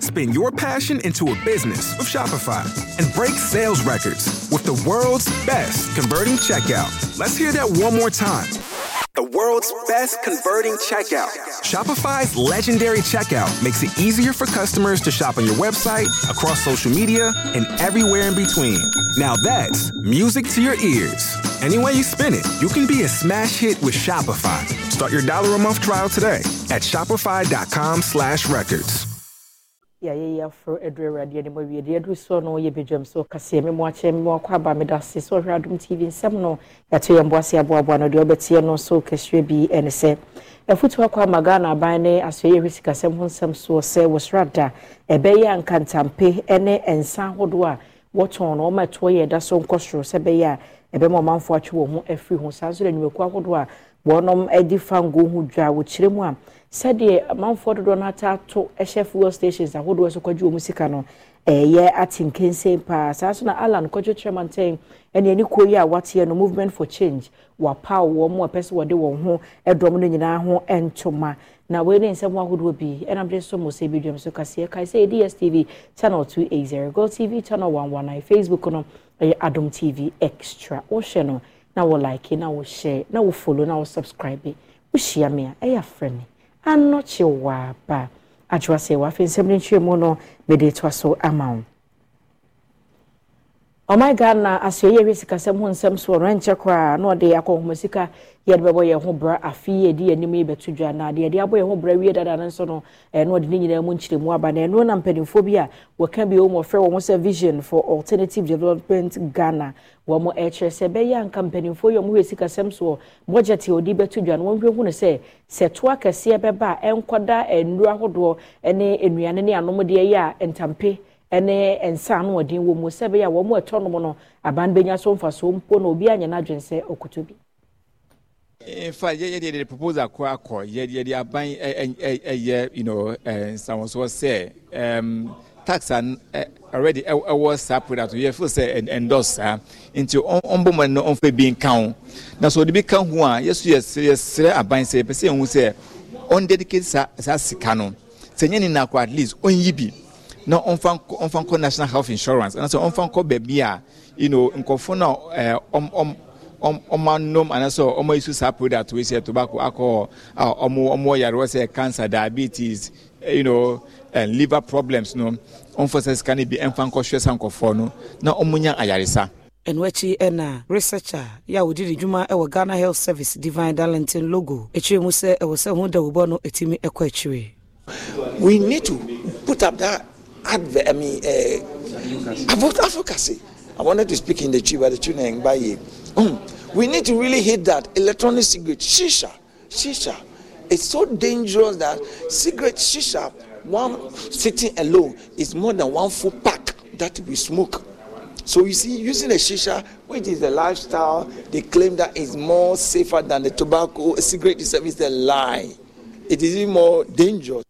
Spin your passion into a business with Shopify and break sales records with the world's best converting checkout. Let's hear that one more time. The world's best converting checkout. Shopify's legendary checkout makes it easier for customers to shop on your website, across social media, and everywhere in between. Now that's music to your ears. Any way you spin it, you can be a smash hit with Shopify. Start your dollar a month trial today at shopify.com slash records. yɛayɛ yɛ aforo aduru awurade anim awie deɛ aduru soɔ no yɛ badwam so kaseɛ me moakyɛ me moakɔ aba meda se sɛ ɔhwɛ adom tv nsɛm no yɛato yɛ mboase aboaboa no deɛ wɔbɛteɛ no so kɛseɛ bi ɛne sɛ afotuo akɔ ama ghana aban ne asoɛ yɛhwɛ sikasɛm ho nsɛm soɔ sɛ wɔsoro da ɛbɛyɛ ankantampe ne nsa ahodoɔ a wɔtɔn no wɔma ɛtoɔ yɛ ɛda so nkɔ soro sɛ ɛbɛyɛ a ɛbɛma ɔmanfoɔ atwe wɔn ho afiri ho saa nso na nnwumakuo ahodoɔ wɔnom de fa ngo ho dwa wɔkyerɛ mu a sɛdeɛ amanfoɔ dodoɔ no ata ato hyɛ fuel stations ahodoɔ so kɔgye wɔn sika no ɛyɛ ate nkensɛn paa saa so na alan kɔtwetwerɛ mantan ɛne ani kuo yi a wateɛ no movement for change wapaw wɔn mu a pɛ sɛ wɔde wɔn ho dɔm no nyinaa ho ntoma na wei ne nsɛm ahodoɔ bi ɛnam de sɔmɔ sɛ bi dwam so kaseɛ kae sɛ dstv channel 280 gold tv channel one one 119 facebook no ɛyɛ adom tv extra wohwɛ no na wɔ like na wɔ share na wɔ follow na wɔ subscribe wohyia me a ɛyɛ afrɛ me anɔkye wɔ aba adwoa sɛ wɔafe nsɛm no nkyerɛ mu no mede toa so ama wo ɔman ghana aseɛ yɛ awie sikasɛm ho nsɛm so ɔno nkyɛ koraa na ɔde akɔ nhoma sika yɛde bɛbɔ yɛn ho bra afe yi yɛde yɛn anim yi bɛto dwa na deɛ yɛde abɔ yɛn ho bra wie dada no nso no ɛno eh, ɔde ne nyinaa mu nkyerɛmu aba na ɛno eh, na mpanimfoɔ bi a wɔka bi wɔn wɔfrɛ wɔn sɛ vision for alternative development ghana wɔn ɛkyerɛ eh, sɛ bɛyɛ anka mpanimfoɔ yi wɔn hwɛ sikasɛm so budget a wɔde bɛto dwa no wɔn hwɛ hu no sɛ sɛ toa kɛseɛ bɛba ɛnkɔda nnuro ahodoɔ ne nnuane ne anom yɛ a ntampe ne nsa ano ɔden wɔ mu sɛ ɛbɛyɛ a wɔn a ɛtɔ nom no aban bɛnya so mfasoɔ mpo na obi anyɛ n'adwene sɛ ɔkoto bi. nfa yɛ yɛ de propose akɔ akɔ yɛ yɛ de aban ɛyɛ you know nsawonsoɔ sɛ ɛm tax an already ɛwɔ saa product yɛ fo sɛ endorse saa nti ɔn bɔ mu no ɔnfɛ bi nka ho na so ɔde bi ka ho a yɛsɔ yɛsrɛ aban sɛ yɛpɛ sɛ yɛn ho sɛ ɔn dedicate saa saa sika no sɛ nyɛ ne na akɔ at least ɔn yi bi na ɔmfa ɔmfa nkɔ national health insurance anaasɛ ɔmfa nkɔ baabi a you know nkɔfo na ɛɛ eh, ɔm ɔm ɔm ɔma nom anaasɛ ɔma yi so saa product wei sɛ tobacco alcohol a ɔmo ɔmo yare wɔsɛ cancer diabetes eh, you know and liver problems no ɔmfa sɛ sika no bi ɛmfa nkɔhwɛ sa nkɔfoɔ no na ɔmo nya ayaresa. ɛno akyi ɛna researcher yɛ a wɔdi ne dwuma ɛwɔ ghana health service divine darlington logo akyire mu sɛ ɛwɔ sɛ ho da wo bɔ no ɛtumi ɛkɔ akyire. we need to put up that adver- I mean, uh, about advocacy. I wanted to speak in the chiba, the tune and by hmm. We need to really hit that electronic cigarette, shisha, shisha. It's so dangerous that cigarette shisha, one sitting alone, is more than one full pack that we smoke. So you see, using a shisha, which is a lifestyle, they claim that is more safer than the tobacco. A cigarette itself is a lie. It is even more dangerous.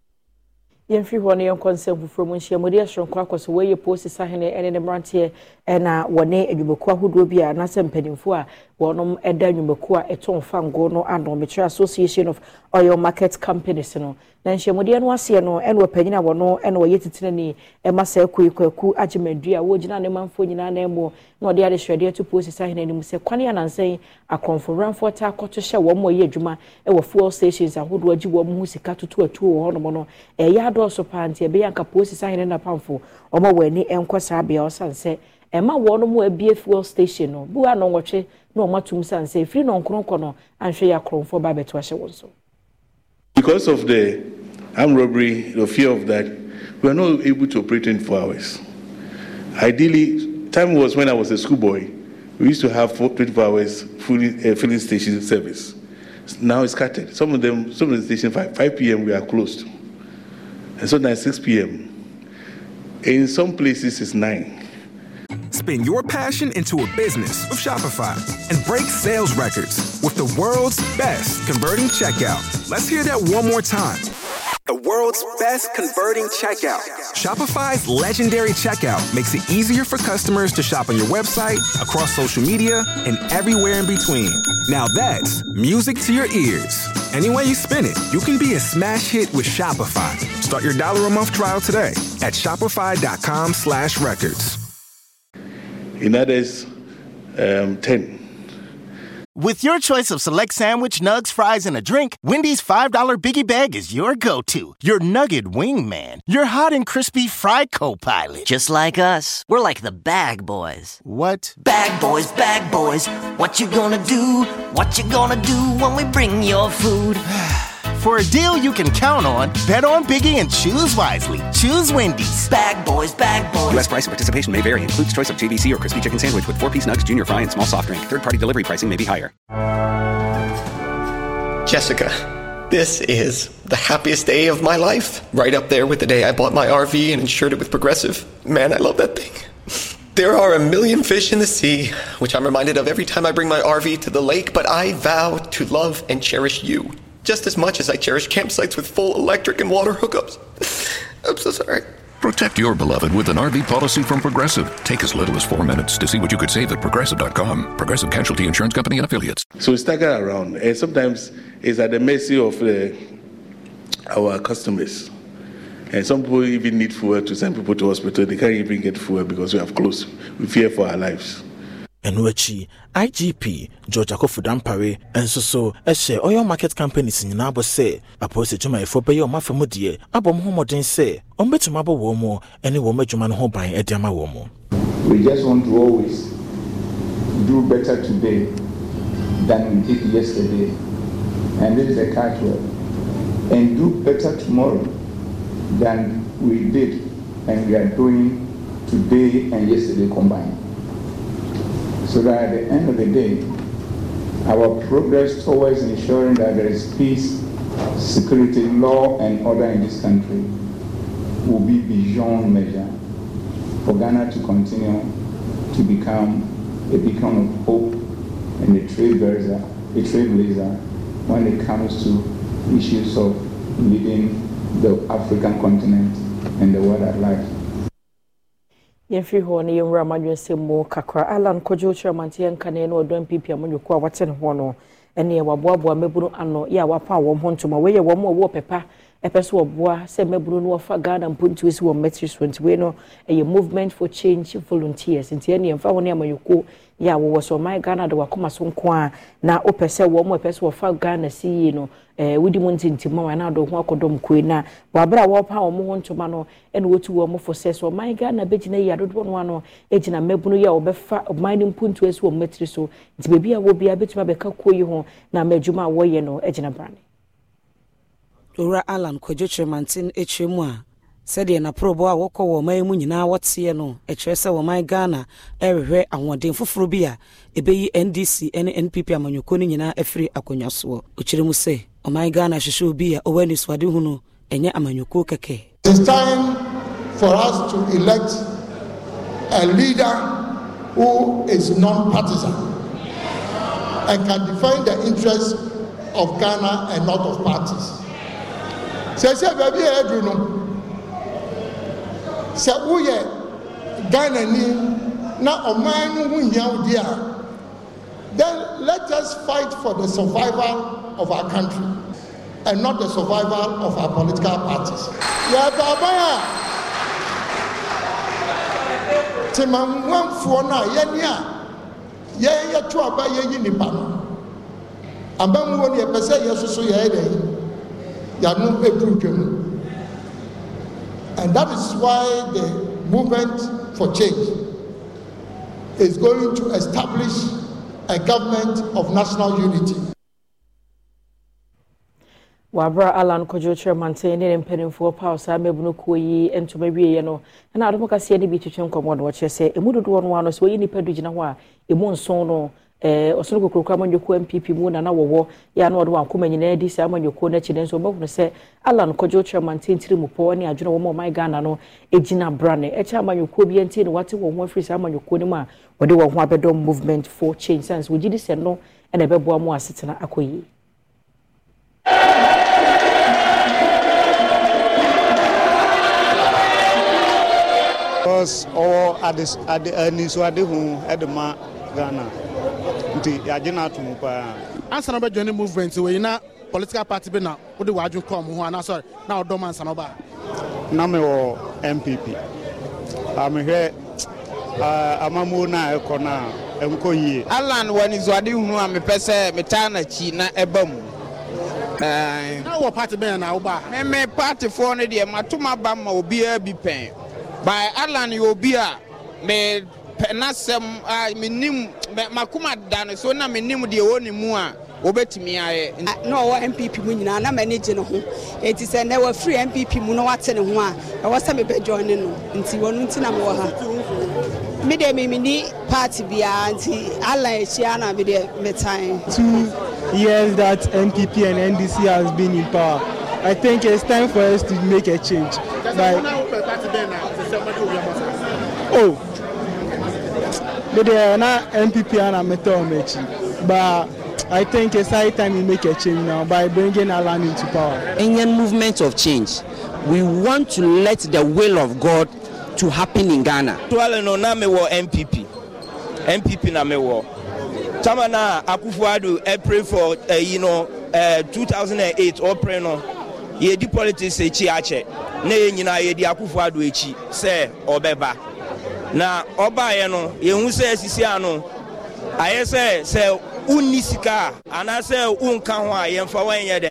yɛmfiri hɔ no yɛnkɔ nsɛm foforɔ mu nhyia mɔde ɛsoronko akɔ so wɔyɛ posi sahene ne ne mmeranteɛ ɛna wɔne adwumakuo ahodoɔ bi a anaasɛ mpanimfoɔ a wɔnom da nnwumakuo a ɛtɔn fangoo no ano mekyerɛ association of oil market companies no na nhyiamudeɛ no aseɛ no ɛna ɔpanyin a wɔno ɛna ɔyɛ titire ni ɛma sɛ ɛkɔ ekɔku agyemadua a wɔgyina ne manfoɔ nyinaa na ɛmo na ɔde adehwɛdeɛ to polisi sahene anim sɛ kwan yɛ nansɛn akɔnfo ranfoɔ ta akɔto hyɛ wɔn mo yɛ adwuma ɛwɔ fuel stations ahodoɔ agye wɔn ho sika tutu atuo wɔ hɔnom no ɛyɛ adɔɔso paa nti ɛbɛyɛ anka polisi sahene na pamfo wɔn a wɔn ani nkɔ saa bea ɔsan sɛ ɛma fuel station no bu na efiri ba so. because of the armed robbery the fear of that we are not able to operate in four hours ideally time was when i was a schoolboy we used to have four, 24 hours filling, uh, filling station service now it's scattered some of them some of the stations 5, 5 p.m we are closed and so now 6 p.m in some places it's 9 Spin your passion into a business with Shopify and break sales records with the world's best converting checkout. Let's hear that one more time. The world's best converting checkout. Shopify's legendary checkout makes it easier for customers to shop on your website, across social media, and everywhere in between. Now that's music to your ears. Any way you spin it, you can be a smash hit with Shopify. Start your dollar a month trial today at shopify.com slash records in others, um, 10. With your choice of select sandwich, nugs, fries, and a drink, Wendy's $5 biggie bag is your go to. Your nugget wingman. Your hot and crispy fry co pilot. Just like us. We're like the bag boys. What? Bag boys, bag boys. What you gonna do? What you gonna do when we bring your food? For a deal you can count on, bet on Biggie and choose wisely. Choose Wendy's. Bag boys, bag boys. U.S. price and participation may vary. Includes choice of JVC or crispy chicken sandwich with four-piece nugs, junior fry, and small soft drink. Third-party delivery pricing may be higher. Jessica, this is the happiest day of my life. Right up there with the day I bought my RV and insured it with Progressive. Man, I love that thing. There are a million fish in the sea, which I'm reminded of every time I bring my RV to the lake, but I vow to love and cherish you just as much as I cherish campsites with full electric and water hookups. I'm so sorry. Protect your beloved with an RV policy from Progressive. Take as little as four minutes to see what you could save at progressive.com. Progressive Casualty Insurance Company and affiliates. So we stagger around, and sometimes it's at the mercy of uh, our customers. And some people even need fuel to send people to hospital. They can't even get fuel because we have closed. We fear for our lives. ɛno akyi igp george akɔfodampare nso so ɛhyɛ oil market companies nyinaa bɔ sɛ apolisi adwumayɛfoɔ bɛyɛ ɔma fa mu deɛ abɔ mo ho mmɔden sɛ ɔmbɛtumi abɔ wɔn mu ne wɔn adwuma no ho ban de ama wɔn mu We just want to always do better today than we did yesterday. And this is a catchword. And do better tomorrow than we did and we are doing today and yesterday combined. so that at the end of the day, our progress towards ensuring that there is peace, security, law, and order in this country will be beyond measure for Ghana to continue to become a beacon of hope and a trailblazer, a trailblazer when it comes to issues of leading the African continent and the world at large. yɛmfiri hɔ no yɛnwura amadwensɛm mu kakra alan kɔgye wo kyerɛ mante yɛnka ne ɛne ɔdɔ mpp a mɔnwoko a wate ne hɔ no ɛneɛ waboaboa mmɛbunu ano yɛ a wapa a wɔm ho ntoma wɔyɛ wɔm a wɔwɔ pɛpa ɛpɛ sɛ wɔboa sɛ mmabunu no wɔfa ghana mpontuo si wɔ mmetri so nti wei no ɛyɛ movement for change volunteers nti ɛne yɛmfa ho ne amayɛko yɛ a wɔwɔ sɛ ɔman ghana de wakoma so nko a na wopɛ sɛ wɔ mu ɛpɛ sɛ wɔfa ghana si yie no wodi mu ntintima wa na adɔ ho akɔdɔm koe no a wɔaberɛ a wɔpa wɔn ho ntoma no ɛna wɔtu wɔn mo fo sɛ sɛ ɔman ghana bɛgyina yie adodoɔ no ano gyina e mmabunu yɛ a wɔbɛfa ɔman no mpontuo si wɔ mmetri so nti baabi a wɔ biara bɛtumi abɛka kuo ho na ama adwuma a wɔyɛ no gyina e brane owura alan kwadwo kyerɛmanten akyerɛ mu a sɛdeɛ naporɔbɔ a wɔkɔ wɔ ɔman mu nyinaa wɔteɛ no ɛkyerɛ sɛ wɔman ghana ɛrehwɛ ahoɔden foforɔ bi a ɛbɛyi ndc ne npp amanyɔkuo no nyinaa afiri akonnwa soɔ ɔkyerɛ mu sɛ ɔman ghana hyehyɛ obi a ɔwɔ anisoadehu no ɛnyɛ amanyɔkuo kɛkɛ It's time for us to elect a leader who is non-partisan and can defend the interests of Ghana and not of parties sɛsɛ baabi a ɛduru no sɛ woyɛ ghanani na ɔman no ho hia wo deɛ a then let us fight for the survival of our country and not the survival of our political parties. yɛ baaban a temamuamfoɔ no a yɛne a yɛyɛto aba yɛyi nipa no abamuwo no yɛpɛ sɛ yɛsoso yɛyɛ dɛ yi yanu edu dwam and that is why the movement for change is going to establish a government of national unity. wabra alan kɔdwo kyerɛmanten ne ne mpanimfoɔ paw saa mmabunu kuo yi ntoma wieɛ no ɛna adom kaseɛ no bi twetwe nkɔmmɔ no wɔkyerɛ sɛ ɛmu dodoɔ no a no sɛ wɔyɛ nnipa du gyina hɔ a ɛmu nson no eh, ɔsono kokurokuro amanyɔkuo mpp mu nana wɔwɔ yɛ ano ɔde wɔn nyinaa di saa amanyɔkuo n'akyi no nso wɔbɛhunu sɛ alan kɔdwo chairman tentiri mu pɔ ne adwene wɔn a ɔman ghana no gyina bra ne ɛkyɛ e amanyɔkuo bi nti ne wate wɔn ho afiri saa amanyɔkuo no mu a wɔde wɔn ho abɛdɔ movement for change sense wɔgye di sɛ no ɛna ɛbɛboa mu asetena akɔ yie because ɔwɔ anisoade ho ma ghana nti yɛagye no ato mu paa ansa na wobɛdwane movement wei na political party bi na wode w'adwo kɔɔ mo ho anaa sɔre na wɔdɔm ansa na wobaa na mewɔ mpp amehwɛ ah, ah, amammuo no a ɛkɔ no a ɛnkɔ yie alan wɔ anizoade hunu a mepɛ sɛ metaa n'akyi na ɛba mu na wɔ party bɛn na wobaa meme partyfoɔ no deɛ matom aba ma obiara bi pɛn by alan yɛ obi a me n'asɛm a menim makoma da no so na menim deɛ ɛwɔ ne mu a wɔbɛtumi ayɛ na ɔwɔ mpp mu nyinaa na m'ani gye ne ho ɛnti sɛ nnɛ wɔafiri mpp mu na wate ne ho a ɛwɔ sɛ mebɛgyɔn ne no nti wɔno nti na mewɔ ha medeɛ memeni party biara nti alan ahyia na medeɛ metan two years that NPP and ndc has been in power i think it's time for us to make a change like, oh deɛ na npp ana metɛ wɔn akyi but I think it's high time we make a change now by bringing Alan into power. Indian movement of change. We want to let the will of God to happen in Ghana. Tuwale no na mewɔ NPP. NPP na mewɔ. Tama na Akufo-Addo eh, pray for uh, you know, uh, eh, 2008 pray no Yedi politics akyi akyɛ na yɛn nyinaa yɛdi Akufo-Addo akyi sɛ ɔbɛba. na ɔbaeɛ no yɛhu sɛ asisia no ayɛ sɛ sɛ wonni sika a anaasɛ wonka ho a yɛmfa wɔnyɛ dɛ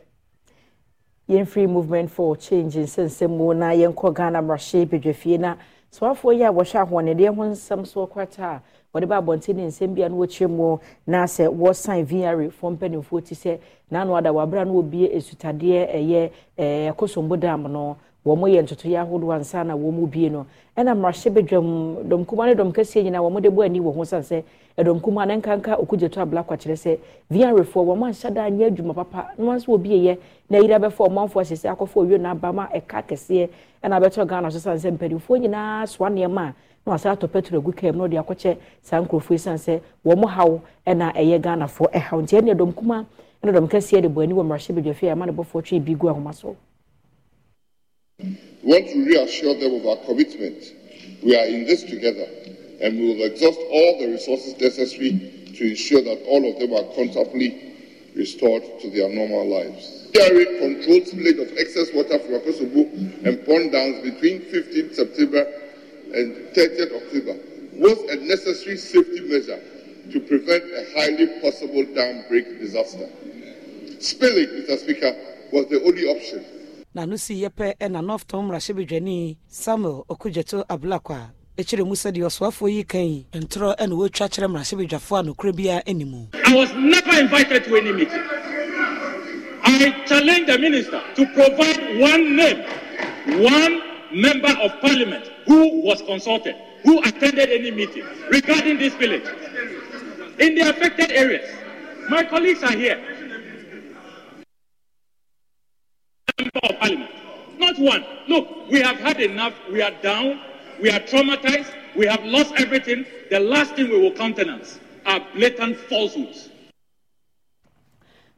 yɛmfiri movement for change nsɛnsɛm mu na yɛnkɔ ghana mmarahyɛ badwafie na soafoɔ yi a wɔhyɛ ahoɔnedeɛ ho nsɛm so korata a wɔde ba abɔnten ne nsɛm bia no wɔkyerɛ mu na sɛ wɔsan vr fɔ mpanimfoɔ ti sɛ naano ada wɔabrɛ no wɔbie esutadeɛ ɛyɛ ɛkɔsombo dam no wɔn yɛ ntotoyɛ ahodoɔ ansa na wɔn bie no ɛna mmarahyɛ badwam dɔmkuma ne dɔm kɛseɛ nyinaa wɔn de bɔ ani wɔ ho san sɛ ɛdɔmkuma ne nkanka okugyeto abla kwakyerɛ sɛ vrfoɔ wɔn anhyɛ da anyɛ adwuma papa na wɔn nso wɔ bie yɛ na yiri abɛfa ɔmanfoɔ ahyɛsɛ akɔfo owie na abama ɛka kɛseɛ ɛna abɛtɔ ghana so san sɛ mpanimfoɔ nyinaa soa nneɛma a na wɔasɛ atɔ petro agu kaa na wɔde akɔkyɛ saa nkurɔfoɔ yi san sɛ wɔn haw ɛna ɛyɛ ghanafoɔ ɛhaw nti ɛne ɛdɔmkuma ɛne dɔm kɛseɛ de bɔ ani wɔ mmarahyɛ badwafie a ɛma ne bɔfoɔ twe We want to reassure them of our commitment. We are in this together, and we will exhaust all the resources necessary to ensure that all of them are comfortably restored to their normal lives. carrying controlled spillage of excess water from Akosobu and pond dams between 15 September and 30 October was a necessary safety measure to prevent a highly possible dam break disaster. Spilling, Mr. Speaker, was the only option na si yɛpɛ ɛna nɔftɔn mmarahyɛbadwani samuel okugyeto ablakɔ a ekyiri mu sɛdeɛ ɔsoafoɔ yi kan yi ntorɔ ɛna wɔatwa kyerɛ mmarahyɛbadwafoɔ a nokorɛ biara i was never invited to any meeting i challenge the minister to provide one name one member of parliament who was consulted who attended any meeting regarding this village in the affected areas my colleagues are here member of parliament. Not one. Look, we have had enough. We are down. We are traumatized. We have lost everything. The last thing we will countenance are blatant falsehoods.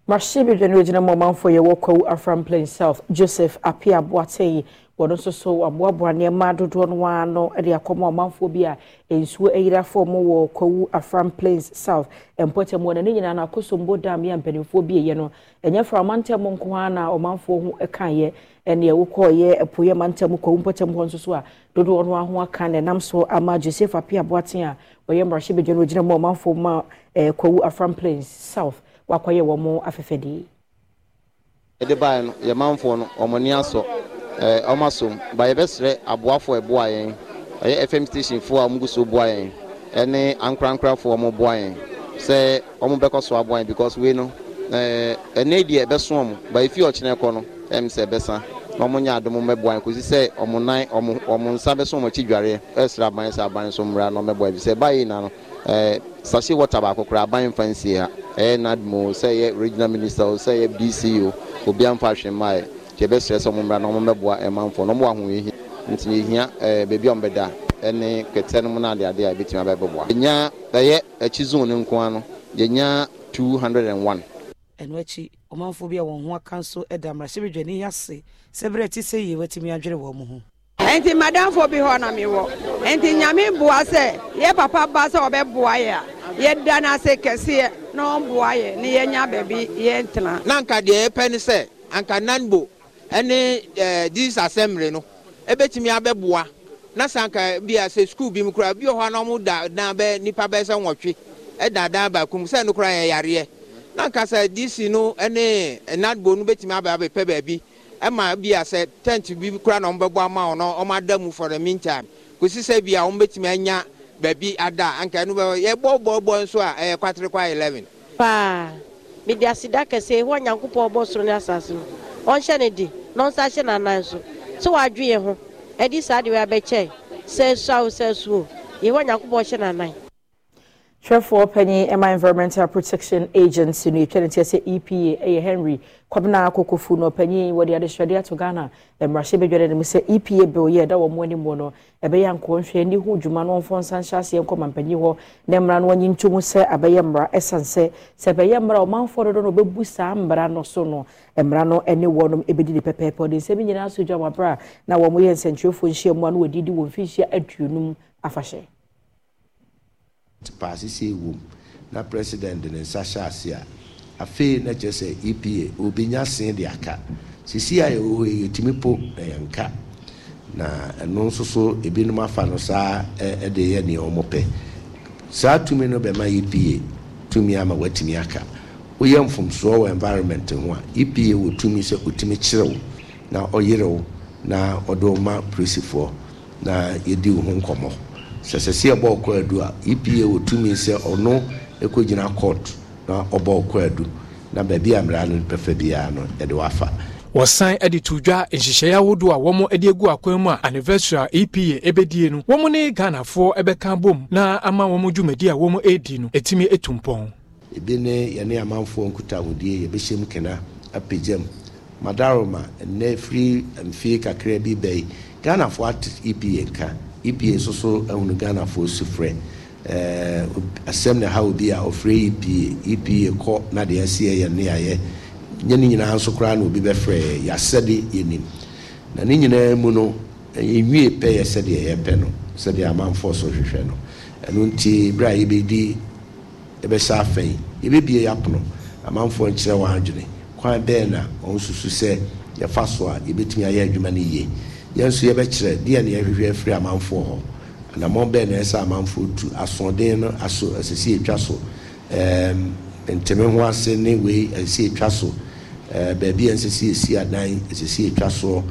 the Genuji na for ye wokou Afram Plain South, Joseph Apia Boatei, wɔn nso so aboaboa nneɛma dodoɔ no ara no de akɔma ɔmanfoɔ bi a nsuo ayira fam wɔ kwawu afram plains south mpɔtam wɔ na ne nyinaa no akosombo dam yɛ mpanimfoɔ bi yɛ no ɛnyɛ fra amantam nko ara na ɔmanfoɔ ho kaeɛ ɛne ɛwo kɔɔyɛ ɛpoyɛ mantam kwawu mpɔtam hɔ nso so a dodoɔ no ho aka na ɛnam so ama joseph api boaten a ɔyɛ mmarahyɛbadwa no ogyina mu ɔmanfoɔ ma eh, kwawu afram plains south wakɔyɛ wɔn afɛfɛdeɛ. ɛde baeɛ no yɛ ɔma eh, eh, so ba yɛbɛsrɛ aboafo ɛboa yɛn ɛyɛ fm stationfoɔ a wɔn gu so boa yɛn ɛne ankorankorafoɔ wɔn boa yɛn sɛ wɔn bɛkɔ so aboa yɛn because wei no ɛɛ deɛ ɛbɛso ba efi kɔ no ɛm sɛ ɛbɛsa na wɔn nyɛ adomo mɛboa yɛn kòsi sɛ nan nsa bɛso akyi so na wɔmɛboa yɛn sɛ ɛbaa na no ɛɛ baako aban nsia eh, ɛyɛ nadmo sɛ ɛyɛ regional nti yɛbɛsrɛ sɛ ɔmommra na ɔmommɛboa ɛmanfoɔ na ɔmo ahoyɛhi nti yɛhia ɛɛ baabi a ɔmbɛda ɛne kɛtɛ no mu na adeade a yɛbɛtumi abɛbɛboa yɛnya ɛyɛ akyi zon no nko ara no yɛnya 201 ɛno akyi ɔmanfoɔ bi a wɔn ho aka nso da mmarahyɛbadwani ase sɛ berɛ ti sɛ yie watumi adwene wɔ mo ho ɛnti madamfoɔ bi hɔ na mewɔ ɛnti nyame boa sɛ yɛ papa ba sɛ ɔbɛboa yɛ a yɛda no ase kɛseɛ na ɔmboa yɛ ne yɛnya baabi yɛntena na anka deɛ yɛpɛ ne sɛ anka nanbo ne dis eh, assembly no ɛbɛtumi abɛboa na sanka bi a sɛ sukuu bi mu kura bi wɔ hɔ a na ɔmo da dan bɛ nipa bɛ sɛ nwɔtwe ɛda dan baako mu sɛ no kora yɛ yareɛ na nkasa dc no ne eh, nadbo no bɛtumi abɛ abɛpɛ baabi ɛma bi a sɛ tent bi kura na ɔmo bɛbɔ ama wɔn ɔmo ada mu for the meantime kòsi sɛ bi a wɔn anya baabi ada anka no bɛ yɛ bɔbɔbɔ nso a ɛyɛ kwatere kwa eleven. paa mede aseda kɛseɛ hɔ nyankopɔn bɔ soro ne asase no ɔnhyɛ ne de na ɔnsa hyɛ n'anan so sɛ wadwe yɛ ho ɛde saa de wɔ abɛkyɛ sɛ suawo sɛ suo yɛwɔ nyankopɔn hyɛ n'anan hwɛfoɔ panyin ɛma environmental protection agency e no etwa e ne ti sɛ epa ɛyɛ henry kwabena akokofo no panyin wɔde adesuade ato ghana mmarahyɛ badware no mu sɛ epa bɛ oyɛ ɛda wɔn anim wɔ no ɛbɛyɛ nkɔnhwɛ ne ho dwuma no wɔmfa nsa nhyɛ aseɛ nkɔma mpanyin hɔ na mmara no wɔnyi ntom sɛ abɛyɛ mmara ɛsan sɛ sɛ ɛbɛyɛ mmara ɔmanfoɔ dodo no ɔbɛbu saa mmara no so no e mmara no ne wɔnom ɛbɛdi ne pɛpɛɛpɛ ɔde nsɛm nyinaa so dwa wɔn abera na wɔn yɛ nsɛntwerɛfoɔ nhyiamu a na wɔdidi wɔn mfinhyia aduonum afahyɛ paasese wom na president ne nsa hyɛ ase a afei na kyerɛ sɛ epa obi obenya sen de aka sisi a yɛwɔ hɔ yi po na yɛnka na ɛno nso so ebinom afa no saa ɛde yɛ nea wɔn pɛ saa tumi no bɛma epa tumi ama watumi aka woyɛ mfomsoɔ wɔ environment ho a epa wɔ tumi sɛ otumi kyerɛw na ɔyerew na ɔde ma polisifoɔ na yɛdi wɔn ho nkɔmɔ. sɛ sɛ si ɛbɔ ɔkɔ adu a epa wɔ tumi sɛ ɔno ɛkɔgyina court na ɔbɔ ɔkɔ adu na baabi a mmara no pɛfɛ biara no yɛde wafa wɔsan de to dwa nhyehyɛeɛ ahodoɔ a wɔn de agu akwan mu a anniversary a epa ɛbɛdie no wɔn ne ghanafoɔ ɛbɛka bom na ama wɔn dwumadi a wɔn redi no ɛtumi ɛtu mpɔn ebi ne yɛne amanfoɔ nkutahodie yɛbɛhyɛ mu kena apagya mu madaroma nnɛ firi mfie kakra bi bɛyi ghanafoɔ ate epa ka. EPA nso so ɛhunu Ghana fo si frɛ ɛɛ asɛm na ha obi a ɔfrɛ EPA EPA kɔ na deɛ ɛsi yɛ ne ayɛ nye ne nyinaa nso koraa na obi bɛfrɛ yasɛde yɛnim na ne nyinaa mu no enwie pɛ yɛ sɛdeɛ yɛpɛ no sɛdeɛ amanfoɔ so hwehwɛ no ɛno nti bere a yɛbɛdi ɛbɛsa afɛn yɛbɛbie yɛapono amanfoɔ nkyerɛ wɔn adwene kwan bɛɛ na wɔn susu sɛ yɛfa so a yɛbɛtumi ayɛ adwuma no yie yɛn nso yɛbɛkyerɛ deɛ ne yɛhwehwɛ afiri amanfoɔ hɔ anammɔn bɛɛ na ɛsɛ amanfoɔ tu asoɔden no aso asisi atwa so ɛɛm ntɛmɛ ho ase ne wei asisi atwa so ɛɛ baabi yɛn sisi esi adan asisi atwa soɔ.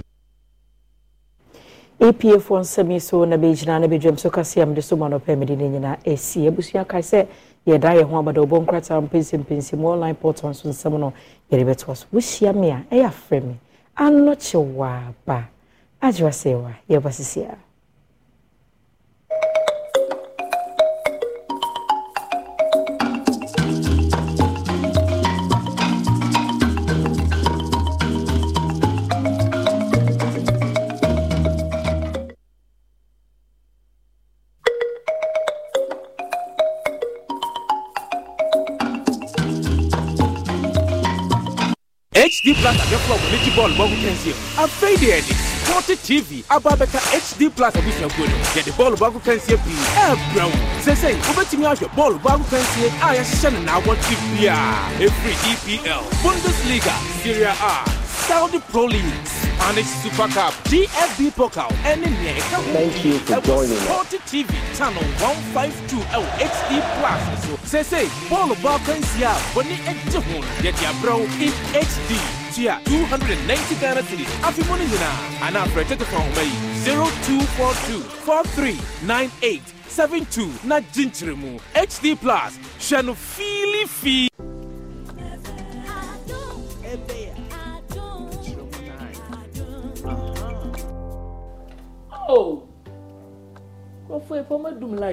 epafoɔ nsɛm yi so na bɛgyina na bɛdwam so kaseɛ mede so ma nɔpɛ mede no nyinaa asi abusua kae sɛ yɛda yɛ ho abada wobɔ nkrataa mpɛnsɛmpɛnsi mu online portal nso nsɛm no yɛde bɛtoa so wohyia me a ɛyɛ afrɛ me anɔkye waaba 味わせは呼ばせせや。HD Plus avec o Little Ball, Bob A feira faded. Forty TV aba abɛka HD plus abusuakuo no yɛde bɔɔlo baako kansie pii ɛɛbrɛ wo sɛsei wobɛtumi ahwɛ bɔɔlo baako kansie a yɛhyehyɛ no naawɔtwe biaa ɛfiri EPL Bundesliga Syria, A Saudi Pro League Spanish Super Cup DFB Pokal ɛne nea ɛka ho Thank you for joining us. Forty TV channel one five two ɛwɔ HD plus so sɛsei bɔɔlo baako kansie a bɔne agye ho no yɛde abrɛ wo in HD tuya 290 Ghana cities afi mu ne nyinaa anaa frɛ tetefa nhoma yi 0242 4398 72 na gyenkyere mu hd plus hwɛ no fiilifii Oh, what for a former doom like?